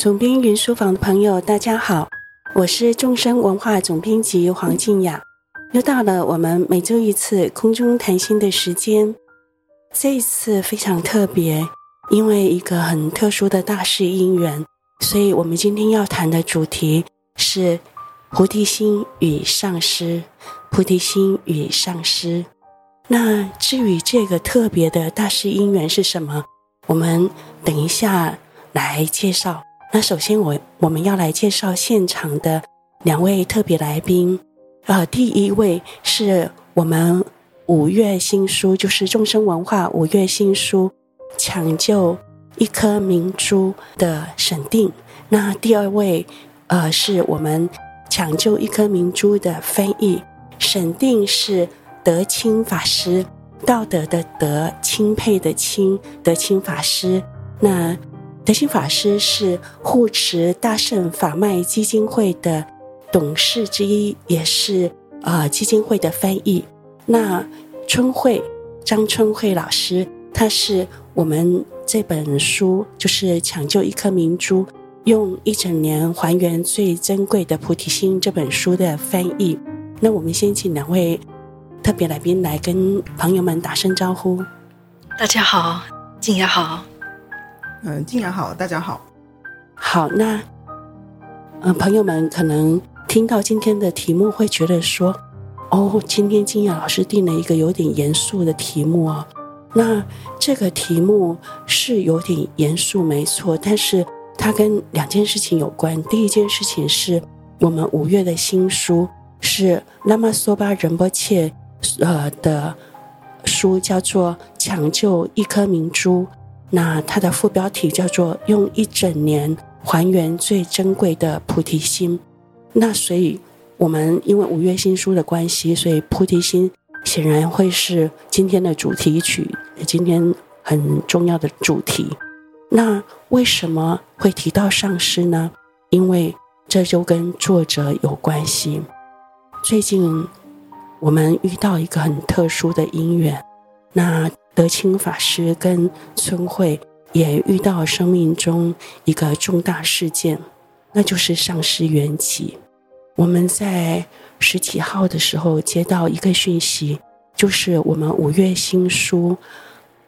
總編雲書房的朋友，大家好，我是眾生文化總編輯黃靖雅。又到了我們每周一次空中談心的時間，這一次非常特別，因為一個很特殊的大事因緣，所以我們今天要談的主題是菩提心與上師，菩提心與上師。那至於這個特別的大事因緣是什麼，我們等一下來介紹。那首先我，我我們要來介紹現場的兩位特別來賓，呃，第一位是我們五月新書，就是眾生文化五月新書《搶救一顆明珠》的審定。那第二位，呃，是我們《搶救一顆明珠》的翻譯，審定是德欽法師，道德的德，欽佩的欽，德欽法師。那德欽法師是護持大乘法脈基金會的董事之一，也是呃基金會的翻譯。那春惠張春惠老師，她是我們這本書就是《搶救一顆明珠》，用一整年還原最珍貴的《菩提心》這本書的翻譯。那我們先請兩位特別來賓來跟朋友們打聲招呼。大家好，靖雅好。嗯，靖雅好，大家好。好，那嗯、呃，朋友們可能聽到今天的題目，會覺得說，哦，今天靖雅老師定了一個有點嚴肅的題目哦，那這個題目是有點嚴肅，沒錯，但是它跟兩件事情有關。第一件事情是我們五月的新書，是喇嘛梭巴仁波切呃的書，叫做《搶救一顆明珠》。那它的副標題叫做“用一整年還原最珍貴的菩提心”，那所以我們因為五月新書的關係，所以菩提心顯然會是今天的主題曲，今天很重要的主題。那為什麼會提到上師呢？因為這就跟作者有關係。最近我們遇到一個很特殊的因緣，那。德清法師跟村慧，也遇到生命中一個重大事件，那就是上師圓寂。我們在十幾號的時候接到一個訊息，就是我們五月新書《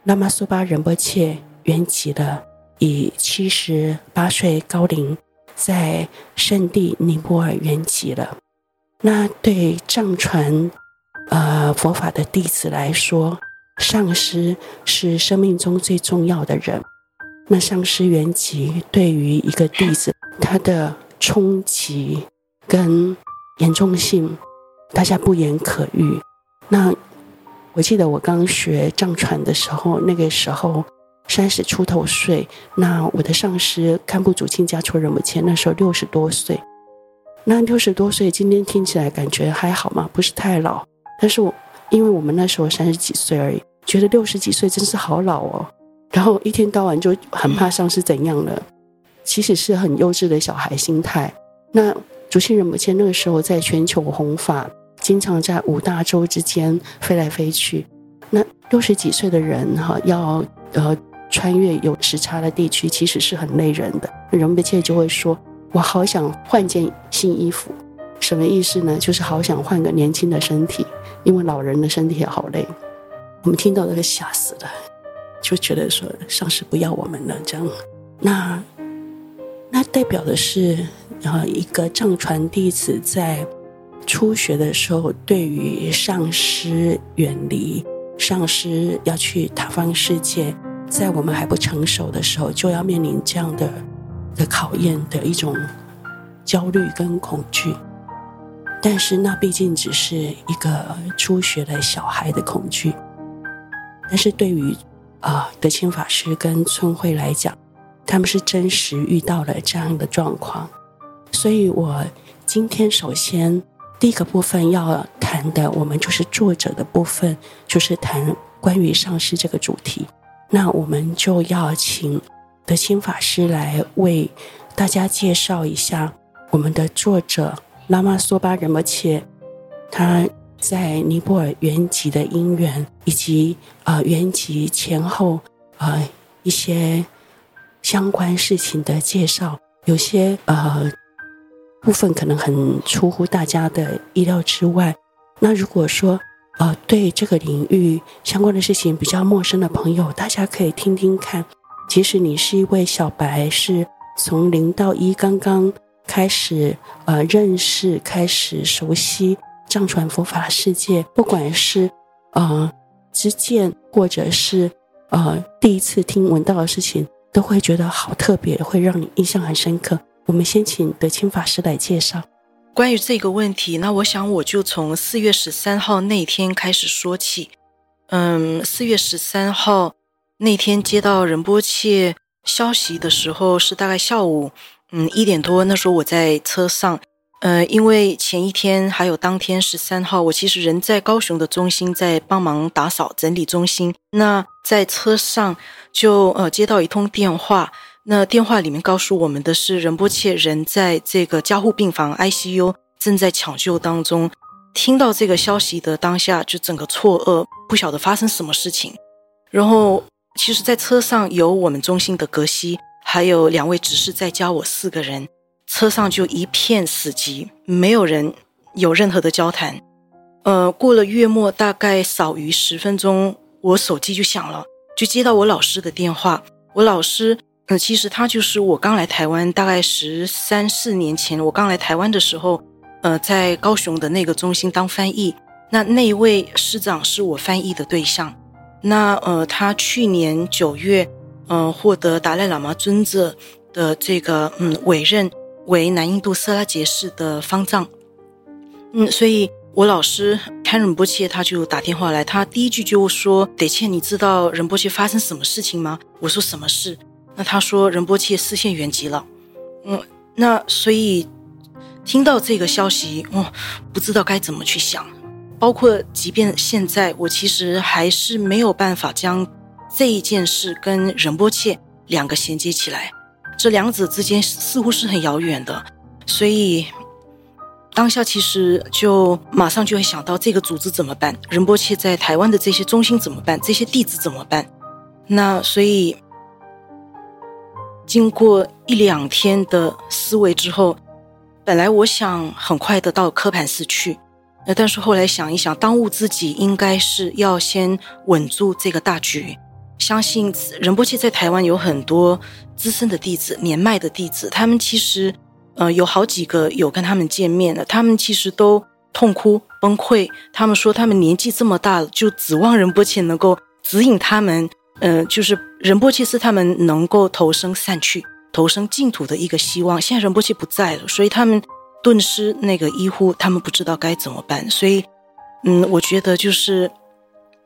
拉瑪蘇巴仁波切》圓寂了，以七十八歲高齡在聖地尼泊爾圓寂了。那對藏傳呃佛法的弟子來說，上師是生命中最重要的人，那上師圓寂對於一個弟子，他的衝擊跟嚴重性，大家不言可喻。那我記得我剛學藏傳的時候，那個時候三十出頭歲，那我的上師堪布竹清嘉措仁波切那時候六十多歲，那六十多歲今天聽起來感覺還好嗎？不是太老。但是我因為我們那時候三十幾歲而已。覺得六十幾歲真是好老哦，然後一天到晚就很怕喪是怎樣的，其實是很幼稚的小孩心態。那竹心仁波切那個時候在全球弘法，經常在五大洲之間飛來飛去。那六十幾歲的人哈，要呃穿越有時差的地區，其實是很累人的。仁波切就會說：“我好想換件新衣服。”什麼意思呢？就是好想換個年輕的身體，因為老人的身體也好累。我們聽到那個嚇死了，就覺得說上師不要我們了這樣，那那代表的是啊一個藏傳弟子在初學的時候，對於上師遠離，上師要去他方世界，在我們還不成熟的時候，就要面臨這樣的的考驗的一種焦慮跟恐懼，但是那畢竟只是一個初學的小孩的恐懼。但是對於，啊、呃，德欽法師跟春惠來講，他們是真實遇到了這樣的狀況，所以我今天首先第一個部分要談的，我們就是作者的部分，就是談關於上師這個主題。那我們就要請德欽法師來為大家介紹一下我們的作者喇嘛梭巴仁波切，他。在尼泊爾圓寂的因緣，以及呃圓寂前後呃一些相關事情的介紹，有些呃部分可能很出乎大家的意料之外。那如果說呃對這個領域相關的事情比較陌生的朋友，大家可以聽聽看。即使你是一位小白，是從零到一剛剛開始呃認識、開始熟悉。藏傳佛法世界，不管是呃，知見，或者是呃，第一次聽聞到的事情，都會覺得好特別，會讓你印象很深刻。我們先請德欽法師來介紹。關於這個問題。那我想我就從四月十三號那天開始說起。嗯，四月十三號那天接到仁波切消息的時候是大概下午，嗯，一點多。那時候我在車上。呃，因為前一天還有當天十三號，我其實人在高雄的中心，在幫忙打掃整理中心。那在車上就呃接到一通電話，那電話裡面告訴我們的是仁波切人在這個加護病房 ICU 正在搶救當中。聽到這個消息的當下就整個錯愕，不曉得發生什麼事情。然後其實，在車上有我們中心的格西，還有兩位執事再加我四個人。車上就一片死寂，沒有人有任何的交談。呃，過了月末，大概少於十分鐘，我手機就響了，就接到我老師的電話。我老師，呃，其實他就是我剛來台灣大概十三四年前，我剛來台灣的時候，呃，在高雄的那個中心當翻譯。那那一位師長是我翻譯的對象。那呃，他去年九月，呃，獲得達賴喇嘛尊者的這個嗯委任，為南印度色拉傑寺的方丈，嗯，所以我老師堪仁波切他就打電話來，他第一句就說：“德欽，你知道仁波切發生什麼事情嗎？”我說：“什麼事？”那他說：“仁波切示現圓寂了。”嗯，那所以聽到這個消息，哦，不知道該怎麼去想，包括即便現在，我其實還是沒有辦法將這一件事跟仁波切兩個銜接起來。這兩者之間似乎是很遙遠的，所以當下其實就馬上就會想到這個組織怎麼辦，仁波切在台灣的這些中心怎麼辦，這些弟子怎麼辦？那所以經過一兩天的思維之後，本來我想很快的到科盤寺去，呃，但是後來想一想，當務之急應該是要先穩住這個大局。相信仁波切在台灣有很多資深的弟子、年邁的弟子，他們其實，呃，有好幾個有跟他們見面的，他們其實都痛哭崩潰。他們說，他們年紀這麼大了，就指望仁波切能夠指引他們，嗯、呃，就是仁波切是他們能夠投生善趣、投生淨土的一個希望。現在仁波切不在了，所以他們頓失那個依怙，他們不知道該怎麼辦。所以，嗯，我覺得就是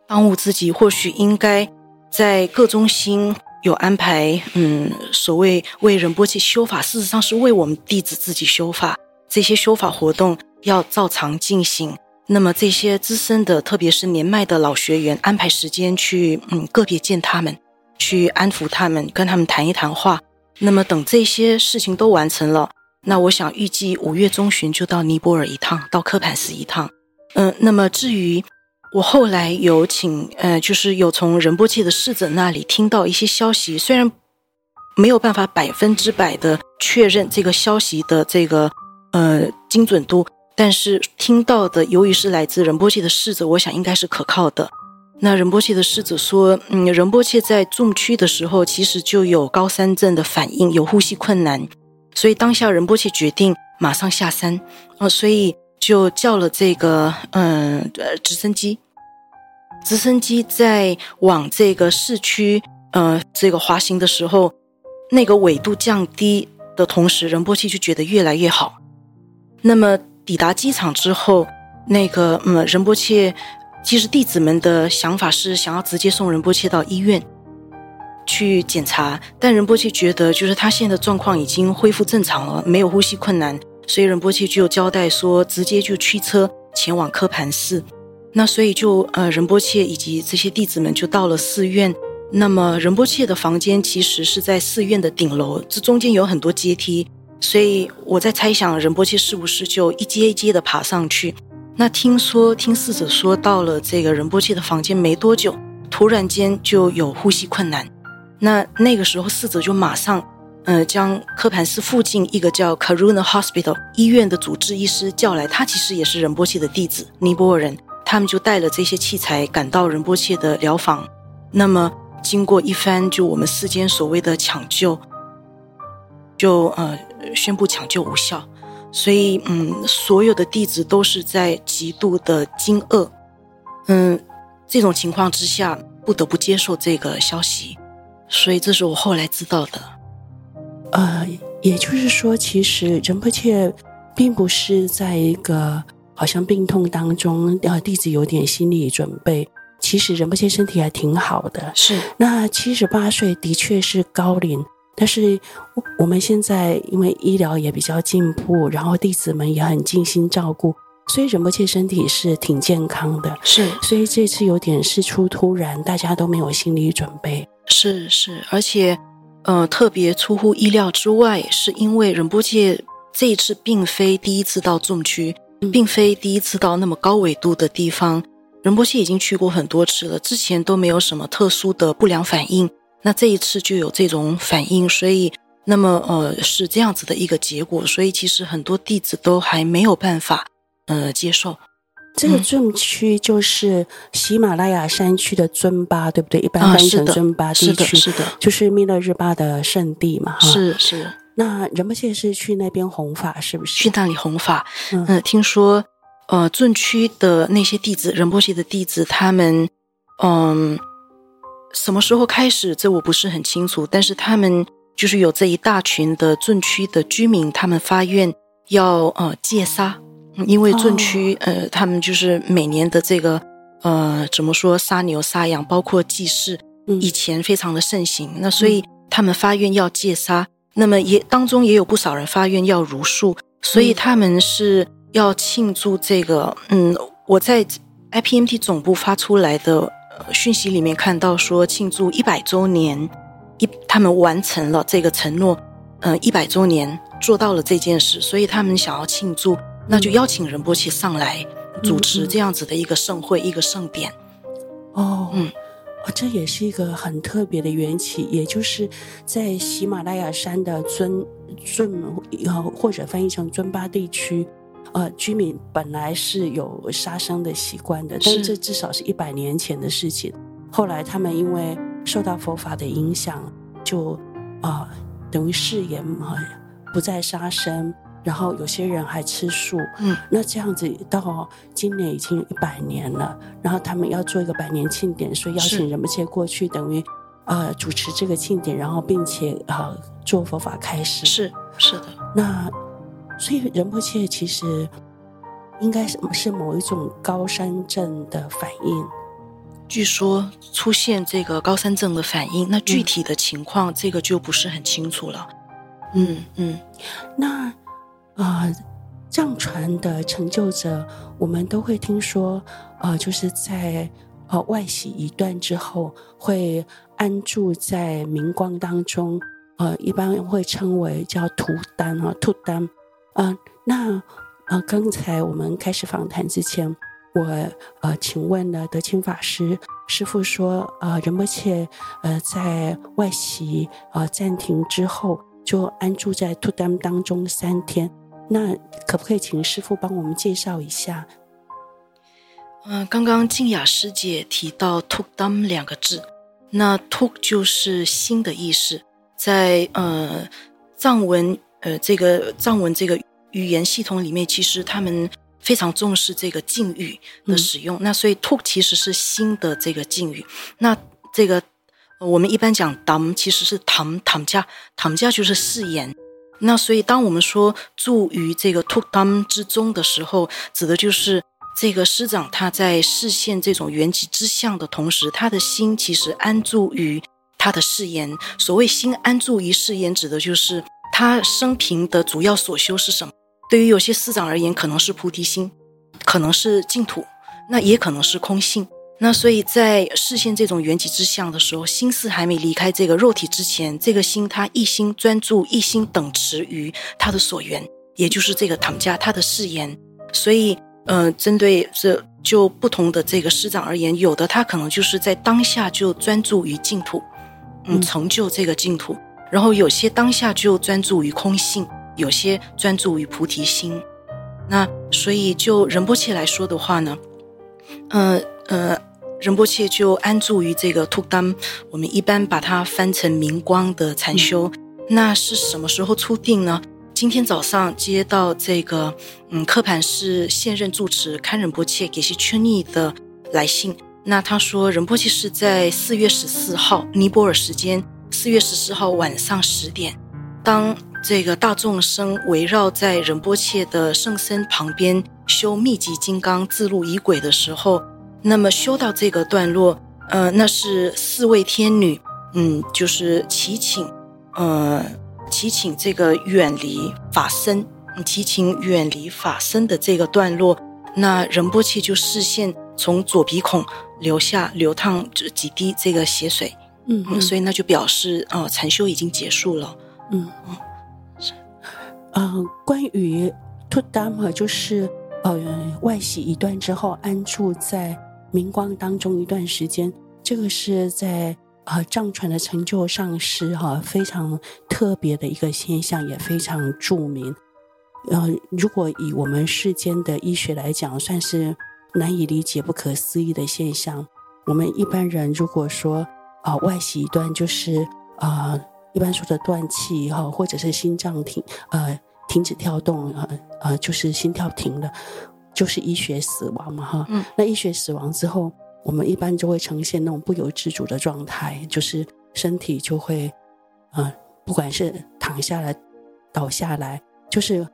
當務之急，或許應該。在各中心有安排，嗯，所謂為仁波切修法，事實上是為我們弟子自己修法。這些修法活動要照常進行。那麼這些資深的，特別是年邁的老學員，安排時間去，嗯，個別見他們，去安撫他們，跟他們談一談話。那麼等這些事情都完成了，那我想預計五月中旬就到尼泊爾一趟，到科盤寺一趟。嗯，那麼至於。我後來有請，呃，就是有從仁波切的侍者那裡聽到一些消息，雖然沒有辦法百分之百的確認這個消息的這個呃精準度，但是聽到的由於是來自仁波切的侍者，我想應該是可靠的。那仁波切的侍者說，嗯，仁波切在重區的時候其實就有高山症的反應，有呼吸困難，所以當下仁波切決定馬上下山，呃，所以就叫了這個嗯、呃、直升機。直升機在往這個市區，呃，這個滑行的時候，那個緯度降低的同時，仁波切就覺得越來越好。那麼抵達機場之後，那個嗯，仁波切其實弟子們的想法是想要直接送仁波切到醫院去檢查，但仁波切覺得就是他現在的狀況已經恢復正常了，沒有呼吸困難，所以仁波切就交代說，直接就驅車前往科盤寺。那所以就呃仁波切以及這些弟子們就到了寺院。那麼仁波切的房間其實是在寺院的頂樓，這中間有很多階梯。所以我在猜想仁波切是不是就一階一階的爬上去。那聽說聽侍者說，到了這個仁波切的房間沒多久，突然間就有呼吸困難。那那個時候侍者就馬上呃將科盤寺附近一個叫 Karuna Hospital 醫院的主治醫師叫來，他其實也是仁波切的弟子，尼泊爾人。他們就帶了這些器材趕到仁波切的寮房，那麼經過一番就我們世間所謂的搶救，就呃宣布搶救無效，所以嗯，所有的弟子都是在極度的驚愕，嗯，這種情況之下不得不接受這個消息，所以這是我後來知道的，呃，也就是說，其實仁波切並不是在一個。好像病痛當中，呃，弟子有點心理準備。其實仁波切身體還挺好的，是。那七十八歲的確是高齡，但是我們現在因為醫療也比較進步，然後弟子們也很盡心照顧，所以仁波切身體是挺健康的。是。所以這次有點事出突然，大家都沒有心理準備。是是，而且呃，特別出乎意料之外，是因為仁波切這一次並非第一次到重區。並非第一次到那麼高緯度的地方，仁波切已經去過很多次了，之前都沒有什麼特殊的不良反應，那這一次就有這種反應，所以那麼呃是這樣子的一個結果，所以其實很多弟子都還沒有辦法呃接受。這個專區就是喜馬拉雅山區的尊巴，對不對？一般翻譯成尊巴的地區，是的，就是密勒日巴的聖地嘛，哈。是是。那仁波切是去那邊弘法，是不是去那裡弘法？嗯、呃，聽說，呃，藏區的那些弟子，仁波切的弟子，他們，嗯、呃，什麼時候開始？這我不是很清楚。但是他們就是有這一大群的藏區的居民，他們發願要呃戒殺，因為藏區、哦、呃他們就是每年的這個呃怎麼說殺牛殺羊，包括祭祀，嗯、以前非常的盛行。那所以他們發願要戒殺。嗯嗯那麼也當中也有不少人發願要如數，所以他們是要慶祝這個。嗯，嗯，我在 IPMT 總部發出來的、呃、訊息裡面看到說，慶祝一百周年，一他們完成了這個承諾，嗯、呃，一百周年做到了這件事，所以他們想要慶祝，嗯、那就邀請仁波切上來主持這樣子的一個盛會、嗯嗯一個盛典。哦，嗯。這也是一個很特別的緣起，也就是在喜馬拉雅山的尊尊，呃，或者翻譯成尊巴地區，呃，居民本來是有殺生的習慣的，但是這至少是一百年前的事情。是後來他們因為受到佛法的影響，就啊、呃，等於誓言嘛、呃，不再殺生。然後有些人還吃素，嗯，那這樣子到今年已經一百年了，然後他們要做一個百年慶典，所以邀請仁波切過去，是等於呃主持這個慶典，然後並且呃做佛法開示，是是的。那所以仁波切其實應該是是某一種高山症的反應，據說出現這個高山症的反應，那具體的情況、嗯、這個就不是很清楚了。嗯嗯，嗯那。啊、呃，藏傳的成就者，我們都會聽說，呃，就是在呃外息一斷之後，會安住在明光當中，呃，一般會稱為叫圖當啊，圖、哦、當。呃那呃剛才我們開始訪談之前，我呃，請問了德欽法師師父說，呃，仁波切呃在外息呃暫停之後，就安住在圖當當中三天。那可不可以請師父幫我們介紹一下？嗯、呃，剛剛靜雅師姐提到 “tuk”“dam” 兩個字，那 “tuk” 就是心的意思，在呃藏文呃這個藏文這個語言系統裡面，其實他們非常重視這個敬語的使用。嗯、那所以 “tuk” 其實是心的這個敬語。那這個我們一般講 dam 其實是“唐唐家”，“唐家”就是誓言。那所以，當我們說住於這個圖當之中的時候，指的就是這個師長他在示現這種緣起之相的同時，他的心其實安住於他的誓言。所謂心安住於誓言，指的就是他生平的主要所修是什麼。對於有些師長而言，可能是菩提心，可能是淨土，那也可能是空性。那所以，在示現這種緣起之相的時候，心識還沒離開這個肉體之前，這個心它一心專注，一心等持於它的所緣，也就是這個圖當他的誓言。所以，呃，針對這就不同的這個師長而言，有的他可能就是在當下就專注於淨土，嗯，嗯成就這個淨土；然後有些當下就專注於空性，有些專注於菩提心。那所以，就仁波切來說的話呢，嗯、呃。呃，仁波切就安住於這個圖當，我們一般把它翻成明光的禪修。那是什麼時候出定呢？今天早上接到這個，嗯，柯槃寺現任住持堪仁波切給西圈尼的來信。那他說仁波切是在四月十四號，尼泊爾時間四月十四號晚上十點，當這個大眾生圍繞在仁波切的聖身旁邊修密集金剛自路儀軌的時候。那麼修到這個段落，呃，那是四位天女，嗯，就是祈請，呃，祈請這個遠離法身，祈、嗯、請遠離法身的這個段落，那仁波切就視線從左鼻孔流下流淌，幾滴這個血水，嗯，嗯，所以那就表示啊、呃，禪修已經結束了，嗯，嗯，嗯，關於圖當就是呃外息斷之後安住在明光當中一段時間，這個是在呃藏傳的成就上師哈，非常特別的一個現象，也非常著名。呃，如果以我們世間的醫學來講，算是難以理解、不可思議的現象。我們一般人如果說啊、呃，外息斷，就是啊、呃，一般說的斷氣哈，或者是心臟停，呃，停止跳動，呃，呃就是心跳停了。就是醫學死亡嘛，哈、嗯，那醫學死亡之後，我們一般就會呈現那種不由自主的狀態，就是身體就會，嗯、呃，不管是躺下來、倒下來，就是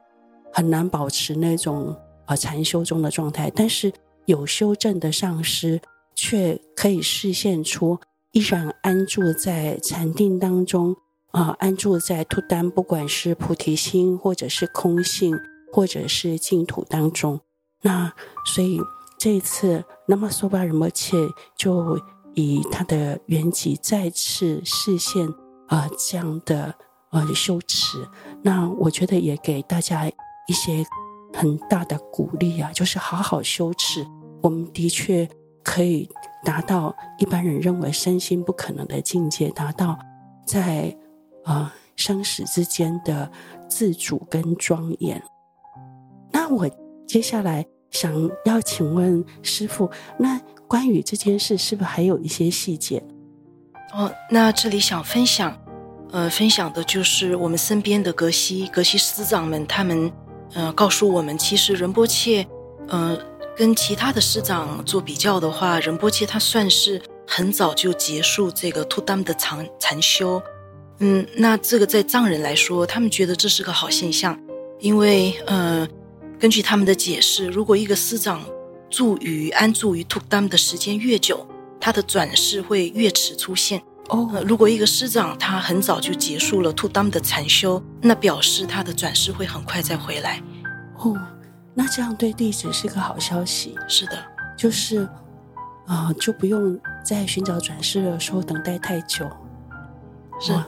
很難保持那種啊、呃、禪修中的狀態。但是有修證的上師，卻可以示現出依然安住在禪定當中啊、呃，安住在圖當，不管是菩提心，或者是空性，或者是淨土當中。那所以這一次，那麼梭巴仁波切就以他的緣起，再次示現啊，這樣的呃修持。那我覺得也給大家一些很大的鼓勵啊，就是好好修持，我們的確可以達到一般人認為身心不可能的境界，達到在啊、呃、生死之間的自主跟莊嚴。那我。接下來想要請問師父，那關於這件事是不是還有一些細節？哦，那這裡想分享，呃，分享的就是我們身邊的格西、格西師長們，他們呃告訴我們，其實仁波切，呃，跟其他的師長做比較的話，仁波切他算是很早就結束這個圖當的禪禪修，嗯，那這個在藏人來說，他們覺得這是個好現象，因為呃。根據他們的解釋，如果一個師長住於安住於圖當的時間越久，他的轉世會越遲出現哦。如果一個師長他很早就結束了圖當的禪修，那表示他的轉世會很快再回來。哦，那這樣對弟子是一個好消息。是的，就是啊、呃，就不用在尋找轉世的時候等待太久。是。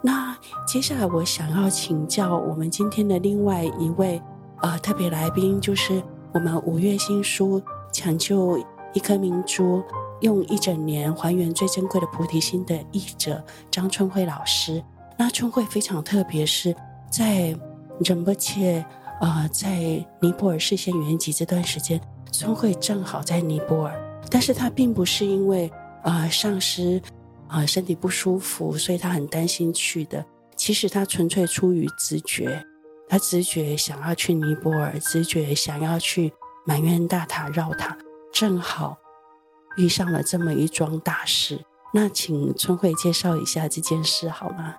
那接下來我想要請教我們今天的另外一位。啊、呃，特別來賓就是我們五月新書《搶救一顆明珠》，用一整年還原最珍貴的菩提心的譯者張春惠老師。那春惠非常特別，是在仁波切，啊、呃，在尼泊爾示現圓寂這段時間，春惠正好在尼泊爾。但是她並不是因為啊、呃，上師啊、呃、身體不舒服，所以她很擔心去的。其實她純粹出於直覺。他直覺想要去尼泊爾，直覺想要去滿願大塔繞塔，正好遇上了這麼一樁大事。那請春惠介紹一下這件事好嗎？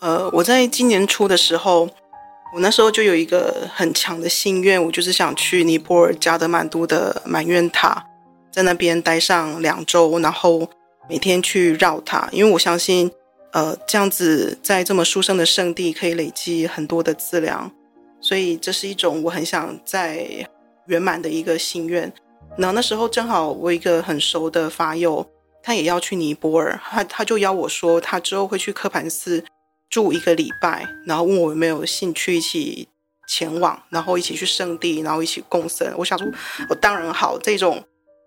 呃，我在今年初的時候，我那時候就有一個很強的心願，我就是想去尼泊爾加德滿都的滿願塔，在那邊待上兩周，然後每天去繞塔，因為我相信。呃，這樣子在這麼殊勝的聖地可以累積很多的資糧，所以這是一種我很想再圓滿的一個心願。然後那時候正好我一個很熟的法友，他也要去尼泊爾，他他就邀我說他之後會去科盤寺住一個禮拜，然後問我有沒有興趣一起前往，然後一起去聖地，然後一起共生。我想說，我、哦、當然好，這種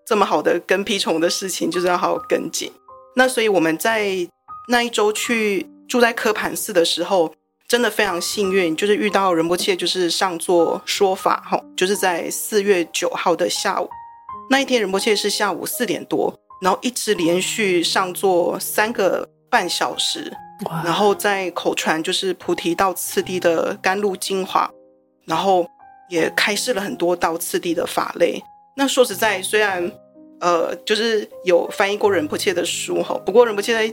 這麼好的跟屁蟲的事情就是要好好跟緊。那所以我們在。那一周去住在柯盤寺的時候，真的非常幸運，就是遇到仁波切，就是上座說法哈，就是在四月九號的下午。那一天仁波切是下午四點多，然後一直連續上座三個半小時，然後在口傳就是菩提道次第的甘露精華，然後也開示了很多道次第的法類。那說實在，雖然，呃，就是有翻譯過仁波切的書哈，不過仁波切在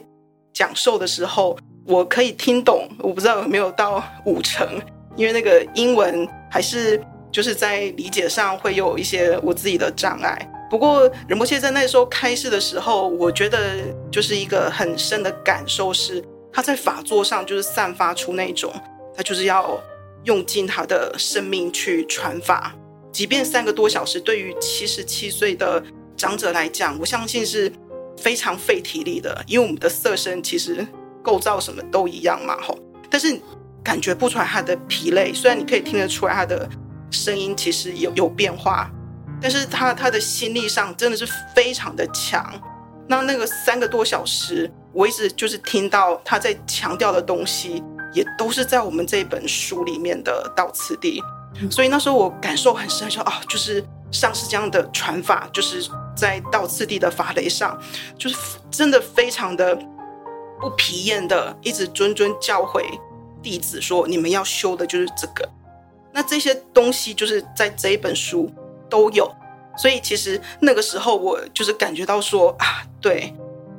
講授的時候，我可以聽懂，我不知道有沒有到五成，因為那個英文還是就是在理解上會有一些我自己的障礙。不過仁波切在那時候開示的時候，我覺得就是一個很深的感受是，是他在法座上就是散發出那種，他就是要用盡他的生命去傳法，即便三個多小時，對於七十七歲的長者來講，我相信是。非常費體力的，因為我們的色身其實構造，什麼都一樣嘛，吼。但是感覺不出來他的疲累，雖然你可以聽得出來他的聲音其實有有變化，但是他他的心力上真的是非常的強。那那個三個多小時，我一直就是聽到他在強調的東西，也都是在我們這本書裡面的道次第。所以那時候我感受很深，就哦，就是像是這樣的傳法，就是。在道次第的法雷上，就是真的非常的不疲厭的，一直諄諄教誨弟子說：“你們要修的就是這個。”那這些東西就是在這一本書都有，所以其實那個時候我就是感覺到說啊，對，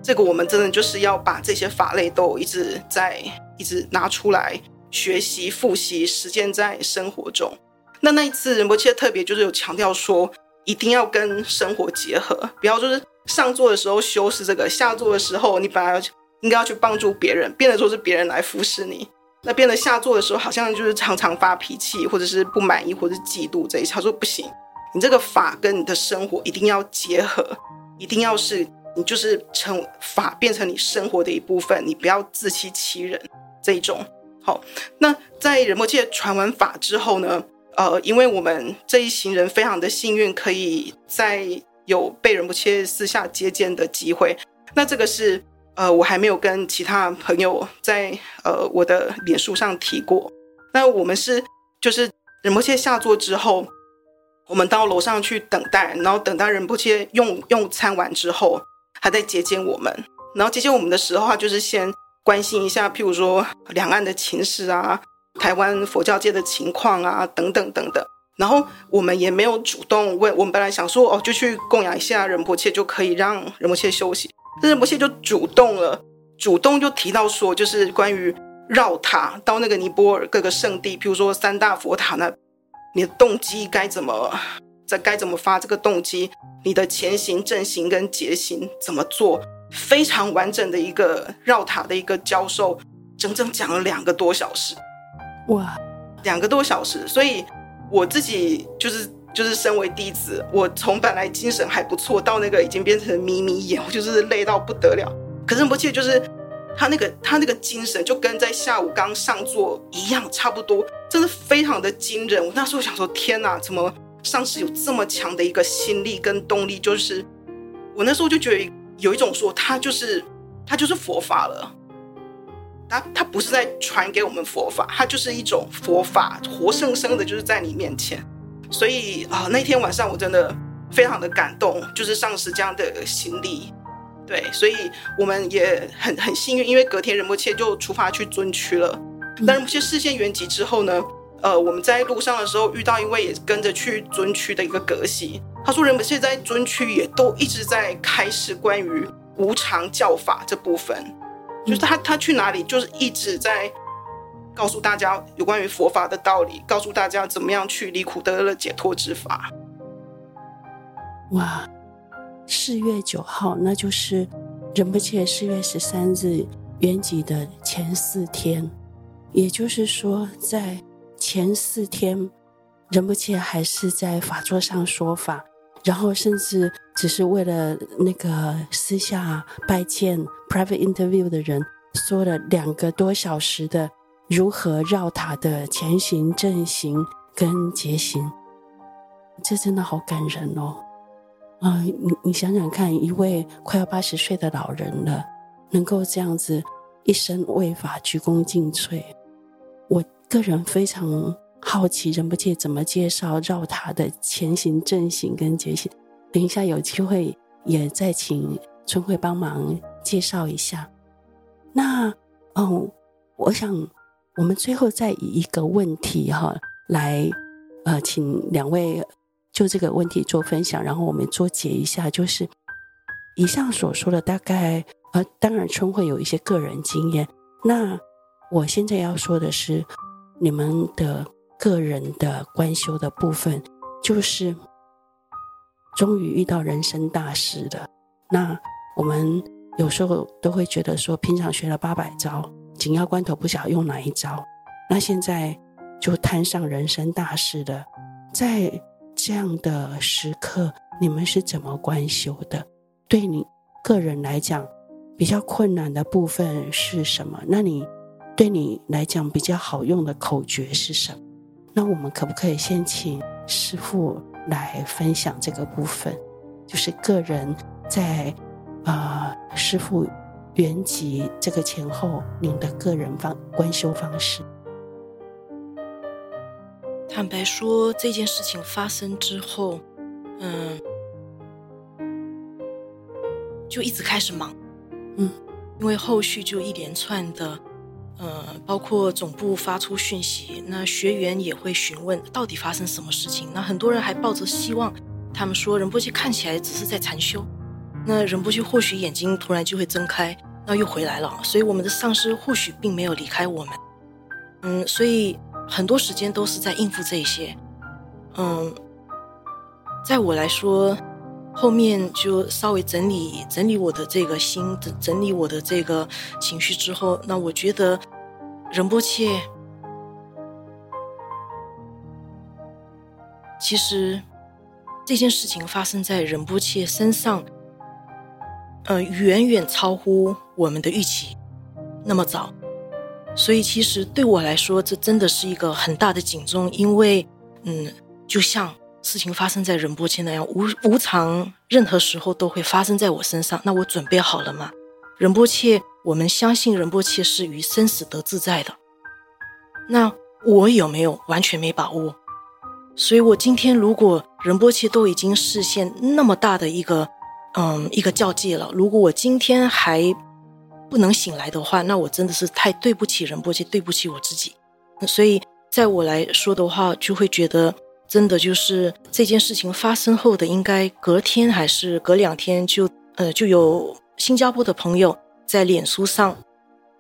這個我們真的就是要把這些法類都一直在一直拿出來學習、複習、實踐在生活中。那那一次仁波切特別就是有強調說。一定要跟生活結合，不要就是上座的時候修飾這個，下座的時候你本來應該要去幫助別人，變得說是別人來服侍你，那變得下座的時候好像就是常常發脾氣，或者是不滿意，或者是嫉妒這一下他說不行，你這個法跟你的生活一定要結合，一定要是你就是成法變成你生活的一部分，你不要自欺欺人這一種。好，那在仁波切傳完法之後呢，呃，因為我們這一行人非常的幸運，可以在有被仁波切私下接見的機會。那這個是呃，我還沒有跟其他朋友在呃，我的臉書上提過。那我們是就是仁波切下座之後，我們到樓上去等待，然後等到仁波切用用餐完之後，還在接見我們。然後接見我們的時候的話，就是先關心一下，譬如說兩岸的情勢啊。台灣佛教界的情況啊，等等等等。然後我們也沒有主動問，我們本來想說，哦，就去供養一下仁波切，就可以讓仁波切休息。但仁波切就主動了，主動就提到說，就是關於繞塔到那個尼泊爾各個聖地，譬如說三大佛塔那，你的動機該怎麼，這該怎麼發這個動機？你的前行、正行跟結行怎麼做？非常完整的一個繞塔的一個教授，整整講了兩個多小時。哇，Wow. 兩個多小時，所以我自己就是就是身為弟子，我從本來精神還不錯，到那個已經變成眯眯眼，我就是累到不得了。可是我記得就是他那個他那個精神，就跟在下午剛上座一樣，差不多，真的非常的驚人。我那時候想說，天哪，怎麼上師有這麼強的一個心力跟動力？就是我那時候就覺得有一種說，他就是他就是佛法了。他他不是在傳給我們佛法，他就是一種佛法，活生生的，就是在你面前。所以啊、呃，那天晚上我真的非常的感動，就是上師這樣的行禮。對，所以我們也很很幸運，因為隔天仁波切就出發去尊區了。但是，仁波切示現圓寂之後呢，呃，我們在路上的時候遇到一位也跟着去尊區的一個格西，他說仁波切在尊區也都一直在開示關於無常教法這部分。就是他，他去哪裡就是一直在告訴大家有關於佛法的道理，告訴大家怎麼樣去離苦得樂、解脫之法。哇，四月九號，那就是仁波切四月十三日圓寂的前四天，也就是說，在前四天，仁波切還是在法座上說法，然後甚至，只是為了那個私下拜見 private interview 的人，說了兩個多小時的如何繞塔的前行、正行跟結行，這真的好感人哦！啊、呃，你你想想看，一位快要八十歲的老人了，能夠這樣子一生為法鞠躬盡瘁，我個人非常好奇仁波切怎麼介紹繞塔的前行、正行跟結行？等一下，有機會也再請春惠幫忙介紹一下。那哦，我想我們最後再以一個問題哈、哦、來，呃，請兩位就這個問題做分享，然後我們做解一下。就是以上所說的大概，呃，當然春惠有一些個人經驗。那我現在要說的是，你們的個人的觀修的部分，就是。終於遇到人生大事了，那我們有時候都會覺得說，平常學了八百招，緊要關頭不曉得用哪一招。那現在就攤上人生大事了，在這樣的時刻，你們是怎麼觀修的？對你個人來講，比較困難的部分是什麼？那你對你來講比較好用的口訣是什麼？那我們可不可以先請師父？來分享這個部分，就是個人在啊、呃、師父圓寂這個前後，您的個人方觀修方式。坦白說，這件事情發生之後，嗯，就一直開始忙，嗯，因為後續就一連串的。呃、嗯，包括總部發出訊息，那學員也會詢問到底發生什麼事情，那很多人還抱着希望，他們說仁波切看起來只是在禪修，那仁波切或許眼睛突然就會睜開，那又回來了。所以我們的上師或許並沒有離開我們。嗯，所以很多時間都是在應付這一些。嗯，在我來說，後面就稍微整理整理我的這個心，整理我的這個情緒之後，那我覺得。仁波切，其實這件事情發生在仁波切身上，呃，遠遠超乎我們的預期。那麼早，所以其實對我來說，這真的是一個很大的警鐘。因為，嗯，就像事情發生在仁波切那樣，無無常，任何時候都會發生在我身上。那我準備好了嗎？仁波切。我們相信仁波切是於生死得自在的。那我有沒有完全沒把握？所以我今天如果仁波切都已經示現那麼大的一個，嗯，一個教誡了，如果我今天還不能醒來的話，那我真的是太對不起仁波切，對不起我自己。所以在我來說的話，就會覺得真的就是這件事情發生後的，應該隔天還是隔兩天就，呃，就有新加坡的朋友。在臉書上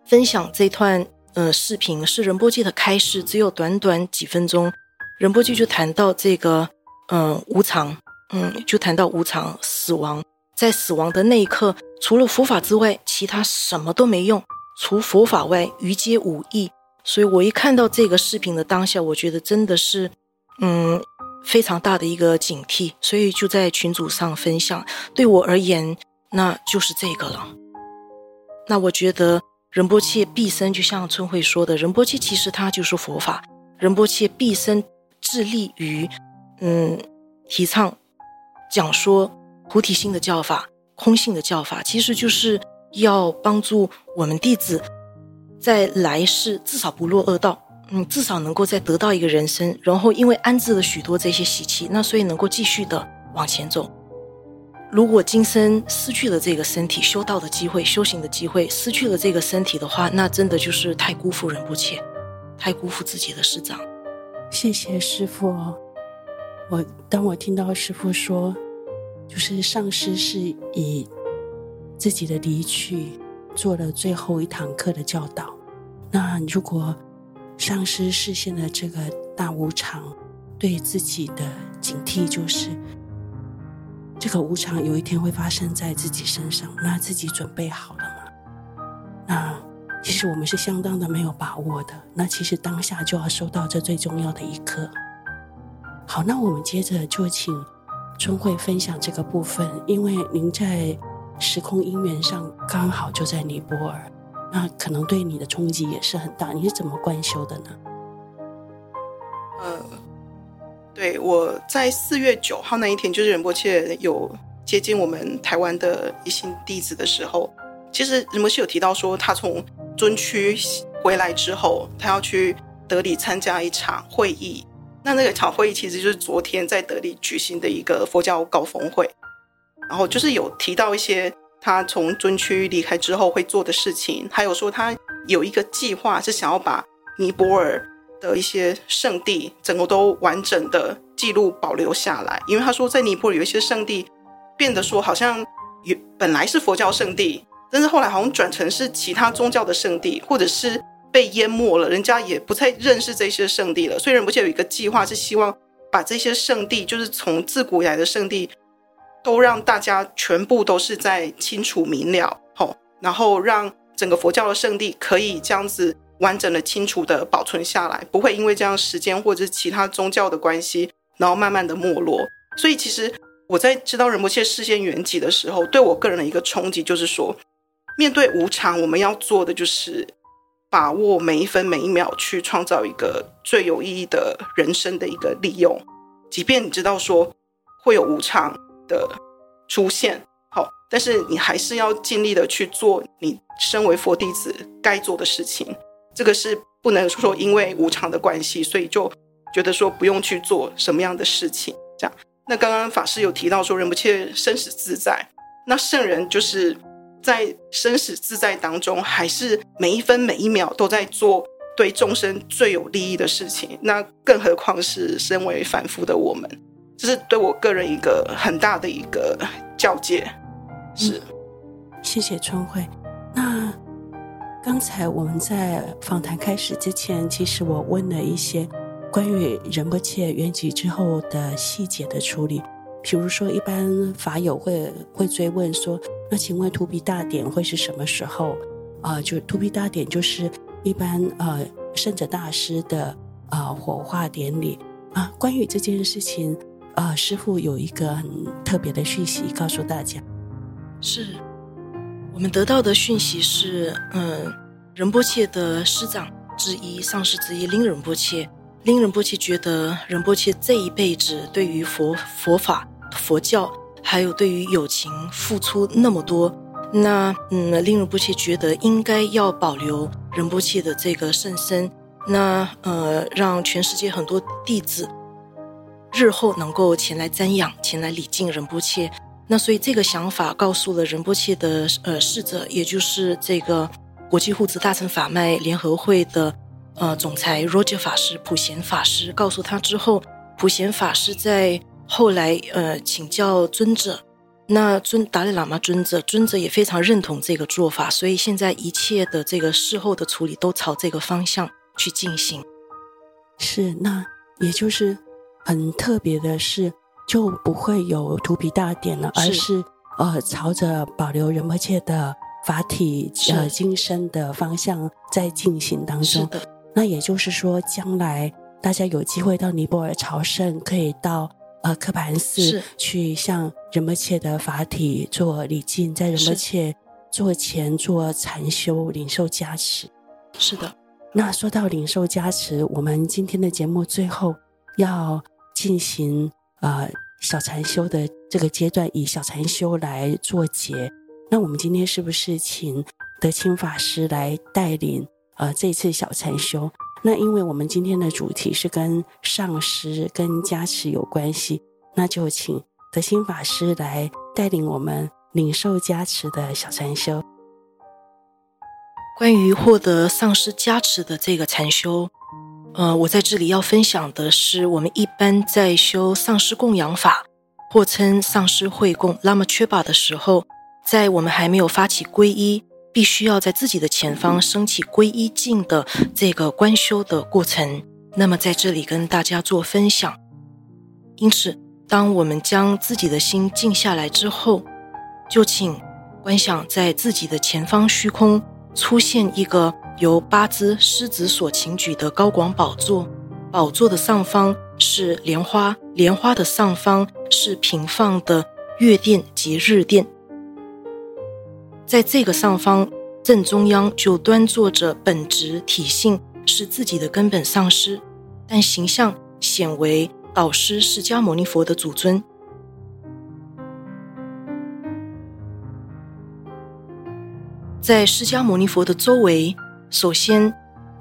分享這段呃視頻，是仁波切的開示，只有短短幾分鐘，仁波切就談到這個嗯、呃、無常，嗯，就談到無常死亡，在死亡的那一刻，除了佛法之外，其他什麼都沒用，除佛法外餘皆無益。所以我一看到這個視頻的當下，我覺得真的是嗯，非常大的一個警惕，所以就在群組上分享。對我而言，那就是這個了。那我覺得仁波切畢生就像春惠說的，仁波切其實他就是佛法。仁波切畢生致力於，嗯，提倡、講說菩提心的教法、空性的教法，其實就是要幫助我們弟子在來世至少不落惡道，嗯，至少能夠再得到一個人生，然後因為安置了許多這些習氣，那所以能夠繼續的往前走。如果今生失去了這個身體，修道的機會、修行的機會，失去了這個身體的話，那真的就是太辜負人不淺，太辜負自己的師長。謝謝師父哦，我當我聽到師父說，就是上師是以自己的離去做了最後一堂課的教導。那如果上師示現的這個大無常，對自己的警惕就是。這個無常有一天會發生在自己身上，那自己準備好了嗎？那其實我們是相當的沒有把握的。那其實當下就要收到這最重要的一課。好，那我們接着就請春惠分享這個部分，因為您在時空因緣上剛好就在尼泊爾，那可能對你的衝擊也是很大。你是怎麼觀修的呢？呃、嗯。對，我在四月九號那一天，就是仁波切有接近我們台灣的一些弟子的時候，其實仁波切有提到說，他從尊區回來之後，他要去德里參加一場會議。那那個場會議其實就是昨天在德里舉行的一個佛教高峰會，然後就是有提到一些他從尊區離開之後會做的事情，還有說他有一個計劃是想要把尼泊爾。的一些聖地，整個都完整的記錄保留下來，因為他說在尼泊爾有一些聖地變得說好像原本來是佛教聖地，但是後來好像轉成是其他宗教的聖地，或者是被淹沒了，人家也不再認識這些聖地了。所以，尼泊爾有一個計劃是希望把這些聖地，就是從自古以來的聖地，都讓大家全部都是在清楚明了，吼，然後讓整個佛教的聖地可以這樣子。完整的、清楚的保存下來，不會因為這樣時間或者是其他宗教的關係，然後慢慢的沒落。所以，其實我在知道仁波切示寂圓寂的時候，對我個人的一個衝擊就是說，面對無常，我們要做的就是把握每一分每一秒，去創造一個最有意義的人生的一個利用。即便你知道說會有無常的出現，好，但是你還是要盡力的去做你身為佛弟子該做的事情。這個是不能說，因為無常的關係，所以就覺得說不用去做什麼樣的事情，這樣。那剛剛法師有提到說，人不切生死自在，那聖人就是在生死自在當中，還是每一分每一秒都在做對眾生最有利益的事情。那更何況是身為凡夫的我們，這是對我個人一個很大的一個教誡。是、嗯，謝謝春惠。那。剛才我們在訪談開始之前，其實我問了一些關於仁波切圓寂之後的細節的處理，比如說，一般法友會會追問說：“那請問荼毗大典會是什麼時候？”啊、呃，就荼毗大典就是一般呃聖者大師的啊、呃、火化典禮啊。關於這件事情，啊、呃、師父有一個很特別的訊息告訴大家，是。我們得到的訊息是，嗯，仁波切的師長之一、上師之一，林仁波切，林仁波切覺得仁波切這一輩子對於佛佛法、佛教，還有對於友情付出那麼多，那嗯，林仁波切覺得應該要保留仁波切的這個聖身，那呃、嗯，讓全世界很多弟子日後能夠前來瞻仰、前來禮敬仁波切。那所以這個想法告訴了仁波切的呃侍者，也就是這個國際護持大乘法脈聯合會的呃總裁 Roger 法師普賢法師告訴他之後，普賢法師在後來呃請教尊者，那尊達賴喇嘛尊者，尊者也非常認同這個做法，所以現在一切的這個事後的處理都朝這個方向去進行。是，那也就是很特別的是，就不會有荼毗大典了，是而是呃，朝着保留仁波切的法體是呃金身的方向在進行當中。是的，那也就是說，將來大家有機會到尼泊爾朝聖，可以到呃柯槃寺去向仁波切的法體做禮敬，在仁波切座前做禪修、領受加持。是的。那說到領受加持，我們今天的節目最後要進行。呃，小禪修的這個階段，以小禪修來做結。那我們今天是不是請德欽法師來帶領？呃，這次小禪修，那因為我們今天的主題是跟上師、跟加持有關係，那就請德欽法師來帶領我們領受加持的小禪修。關於獲得上師加持的這個禪修。呃，我在這裡要分享的是，我們一般在修上師供養法，或稱上師薈供。那麼，喇嘛卻巴的時候，在我們還沒有發起皈依，必須要在自己的前方升起皈依境的這個觀修的過程。那麼，在這裡跟大家做分享。因此，當我們將自己的心靜下來之後，就請觀想在自己的前方虛空出現一個。由八隻獅子所擎舉的高廣寶座，寶座的上方是蓮花，蓮花的上方是平放的月墊及日墊。在這個上方，正中央就端坐着本質體性是自己的根本上師，但形象顯為導師釋迦牟尼佛的主尊。在釋迦牟尼佛的周圍，首先，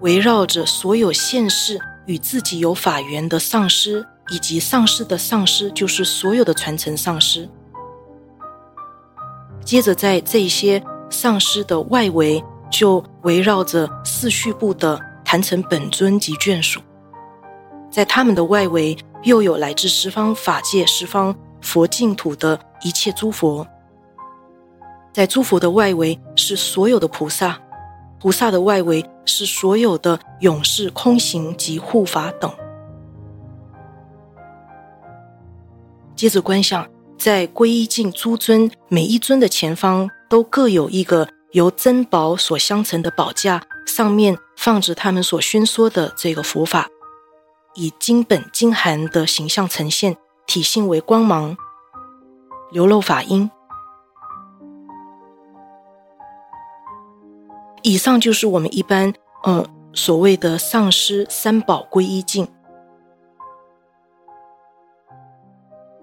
圍繞着所有現世與自己有法緣的上師，以及上師的上師，就是所有的傳承上師。接着，在這些上師的外圍，就圍繞着四續部的壇城本尊及眷屬，在他們的外圍又有來自十方法界十方佛淨土的一切諸佛，在諸佛的外圍是所有的菩薩。菩薩的外圍是所有的勇士、空行及護法等。接着觀想，在皈依境諸尊每一尊的前方，都各有一個由珍寶所鑲成的寶架，上面放置他們所宣說的這個佛法，以經本經函的形象呈現，體性為光芒，流露法音。以上就是我們一般，嗯、呃，所謂的上師三寶皈依境，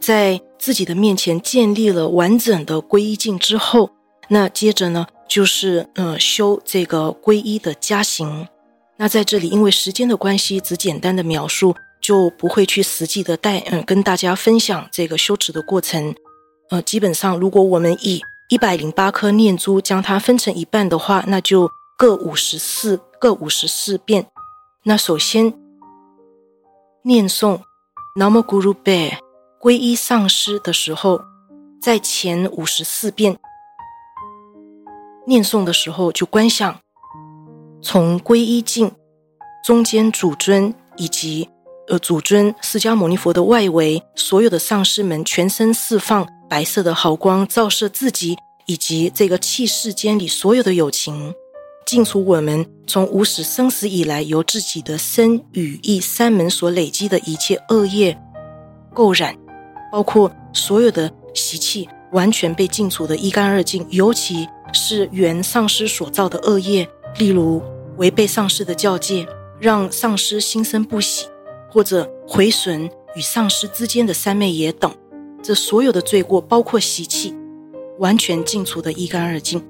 在自己的面前建立了完整的皈依境之後，那接着呢，就是嗯、呃，修這個皈依的加行。那在這裡，因為時間的關係，只簡單的描述，就不會去實際的帶嗯，跟大家分享這個修持的過程。呃，基本上，如果我們以一百零八顆念珠，將它分成一半的話，那就各五十四、各五十四遍。那首先，念誦 namo guru 唄皈依上師的時候，在前五十四遍念誦的時候就觀想，從皈依境，中間主尊以及。呃，而祖尊釋迦牟尼佛的外圍，所有的上師們全身釋放白色的毫光，照射自己以及這個器世間裡所有的有情，淨除我們從無始生死以來由自己的身、語、意三門所累積的一切惡業垢染，包括所有的習氣，完全被淨除的一乾二淨。尤其是原上師所造的惡業，例如違背上師的教誡，讓上師心生不喜。或者毀損與上師之間的三昧耶等，這所有的罪過，包括習氣，完全淨除得一乾二淨。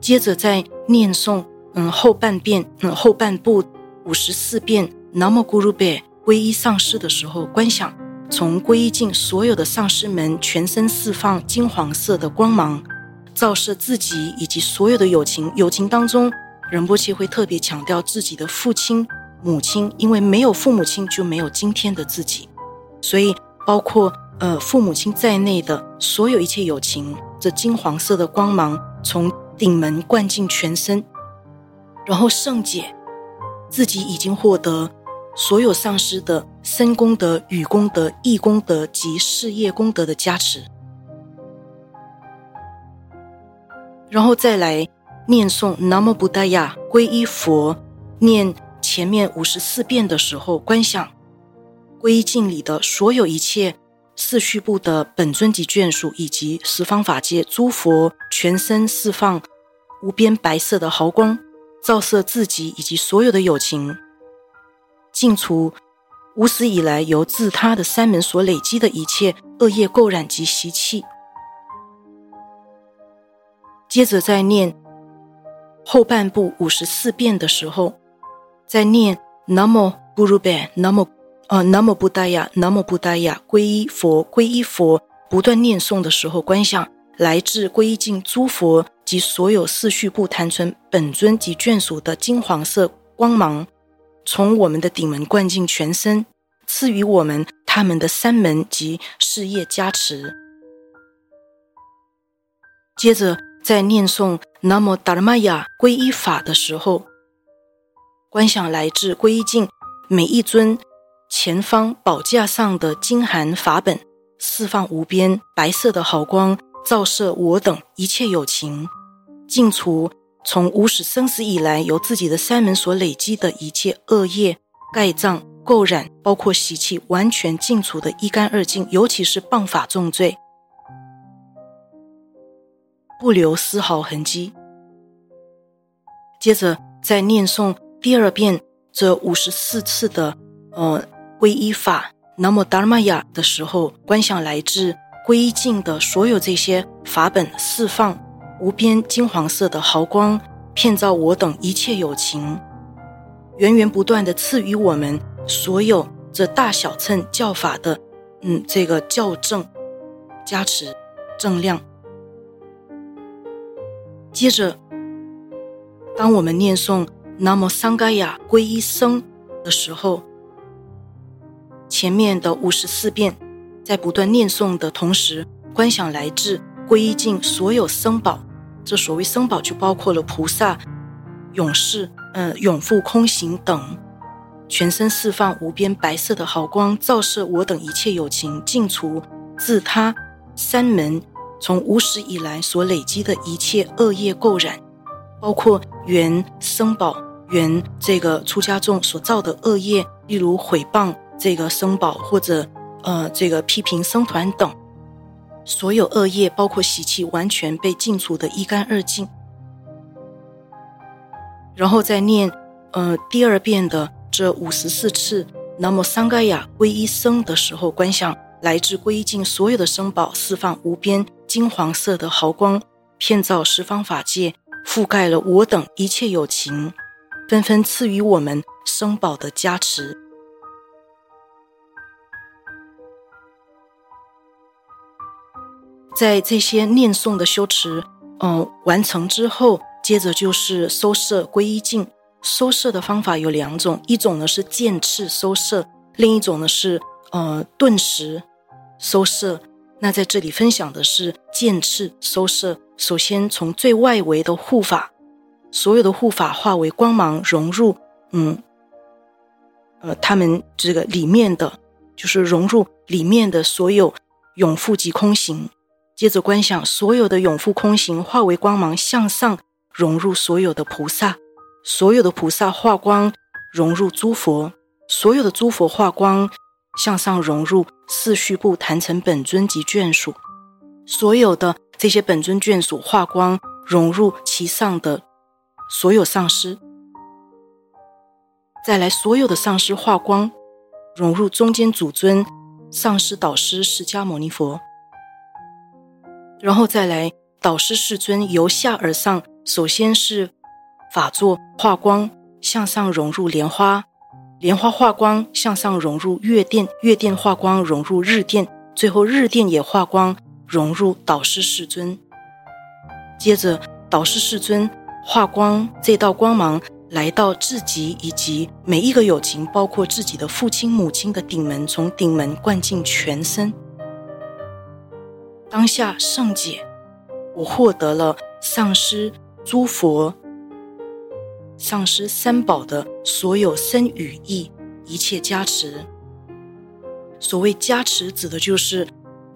接着在念誦“嗯後半遍，嗯後半部五十四遍南摩咕嚕貝皈依上師的時候，觀想從皈依境所有的上師們全身釋放金黃色的光芒，照射自己以及所有的友情。友情當中，仁波切會特別強調自己的父親。母親，因為沒有父母親，就沒有今天的自己，所以包括呃父母親在內的所有一切有情，這金黃色的光芒從頂門灌進全身，然後勝解，自己已經獲得所有上師的身功德、語功德、意功德及事業功德的加持，然後再來念誦南無布達亞皈依佛念。前面五十四遍的時候，觀想皈依境裡的所有一切四續部的本尊及眷屬，以及十方法界諸佛全身釋放無邊白色的毫光，照射自己以及所有的有情，淨除無始以來由自他的三門所累積的一切惡業垢染及習氣。接着再念後半部五十四遍的時候。在念南無古魯貝，南無啊，南無布達雅，南無布達雅，皈依佛，皈依佛，不斷念誦的時候觀，觀想來自皈依境諸佛及所有四續不貪存本尊及眷屬的金黃色光芒，從我們的頂門灌進全身，賜予我們他們的三門及事業加持。接着在念誦南無達拉瑪雅，皈依法的時候。觀想來自皈依境，每一尊前方寶架上的金函法本，釋放無邊白色的毫光，照射我等一切有情，淨除從無始生死以來由自己的三門所累積的一切惡業、蓋障、垢染，包括習氣，完全淨除的一乾二淨，尤其是謗法重罪，不留絲毫痕，痕跡。接着再念誦。第二遍這五十四次的，呃，皈依法南無達瑪亞的時候，觀想來自皈依境的所有這些法本，釋放無邊金黃色的毫光，遍照我等一切有情，源源不斷的賜予我們所有這大小乘教法的，嗯，這個教證、加持、正量。接着，當我們念誦。南無桑嘎雅，皈依僧的時候，前面的五十四遍，在不斷念誦的同時，觀想來自皈依境所有僧寶。這所謂僧寶，就包括了菩薩、勇士、嗯、呃、勇父空行等，全身釋放無邊白色的毫光，照射我等一切有情，淨除自他三門從無始以來所累積的一切惡業垢染。包括原僧寶、原這個出家眾所造的惡業，例如毀謗這個僧寶或者呃這個批評僧團等，所有惡業包括習氣，完全被淨除得一乾二淨。然後再念呃第二遍的這五十四次南無桑嘎亞皈依僧的時候，觀想來自皈依境所有的僧寶釋放無邊金黃色的毫光，遍照十方法界。覆蓋了我等一切有情，紛紛賜予我們生寶的加持。在這些念誦的修持，嗯、呃，完成之後，接着就是收攝歸一境。收攝的方法有兩種，一種呢是漸次收攝，另一種呢是呃頓時收攝。那在這裡分享的是漸次收攝。首先從最外圍的護法，所有的護法化為光芒融入，嗯，呃，他們這個裡面的就是融入裡面的所有勇父及空行。接着觀想所有的勇父空行化為光芒向上融入所有的菩薩，所有的菩薩化光融入諸佛，所有的諸佛化光。向上融入四續部，壇城本尊及眷屬，所有的這些本尊眷屬化光融入其上的所有上師。再來所有的上師化光融入中間主尊上師導師釋迦牟尼佛，然後再來導師世尊由下而上，首先是法座化光向上融入蓮花。蓮花化光向上融入月墊，月墊化光融入日墊，最後日墊也化光融入導師世尊。接着，導師世尊化光，這道光芒來到自己以及每一個有情，包括自己的父親、母親的頂門，從頂門灌進全身。當下，勝解，我獲得了上師、諸佛。喪失三寶的所有身語意，一切加持。所謂加持，指的就是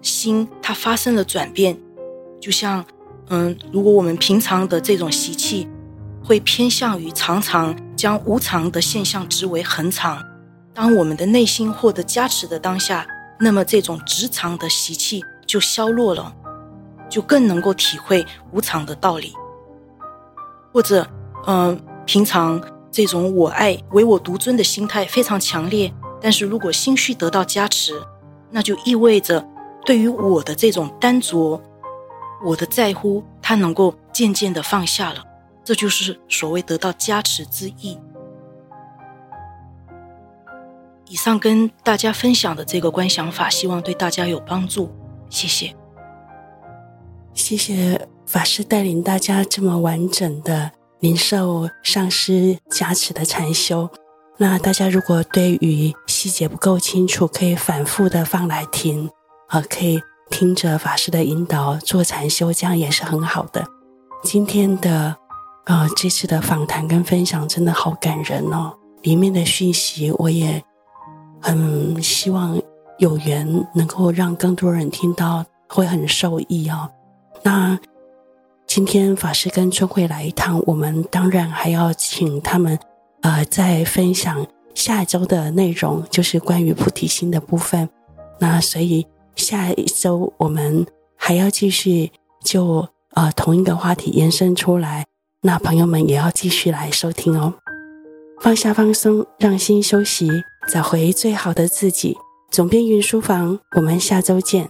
心它發生了轉變。就像，嗯，如果我們平常的這種習氣，會偏向於常常將無常的現象執為恆常。當我們的內心獲得加持的當下，那麼這種執常的習氣就消落了，就更能夠體會無常的道理。或者，嗯。平常這種我愛唯我獨尊的心態非常強烈，但是如果心續得到加持，那就意味着對於我的這種耽著，我的在乎，它能夠漸漸地放下了，這就是所謂得到加持之意。以上跟大家分享的這個觀想法，希望對大家有幫助，謝謝。謝謝法師帶領大家這麼完整的。領受上師加持的禪修，那大家如果對於細節不夠清楚，可以反覆的放來聽，呃，可以聽着法師的引導做禪修，這樣也是很好的。今天的，呃，這次的訪談跟分享真的好感人哦，裡面的訊息我也很希望有緣能夠讓更多人聽到，會很受益哦。那。今天法師跟春惠來一趟，我們當然還要請他們，呃，再分享下周的內容，就是關於菩提心的部分。那所以下一周我們還要繼續就呃同一個話題延伸出來，那朋友們也要繼續來收聽哦。放下放鬆，讓心休息，找回最好的自己。總編雲書房，我們下周見。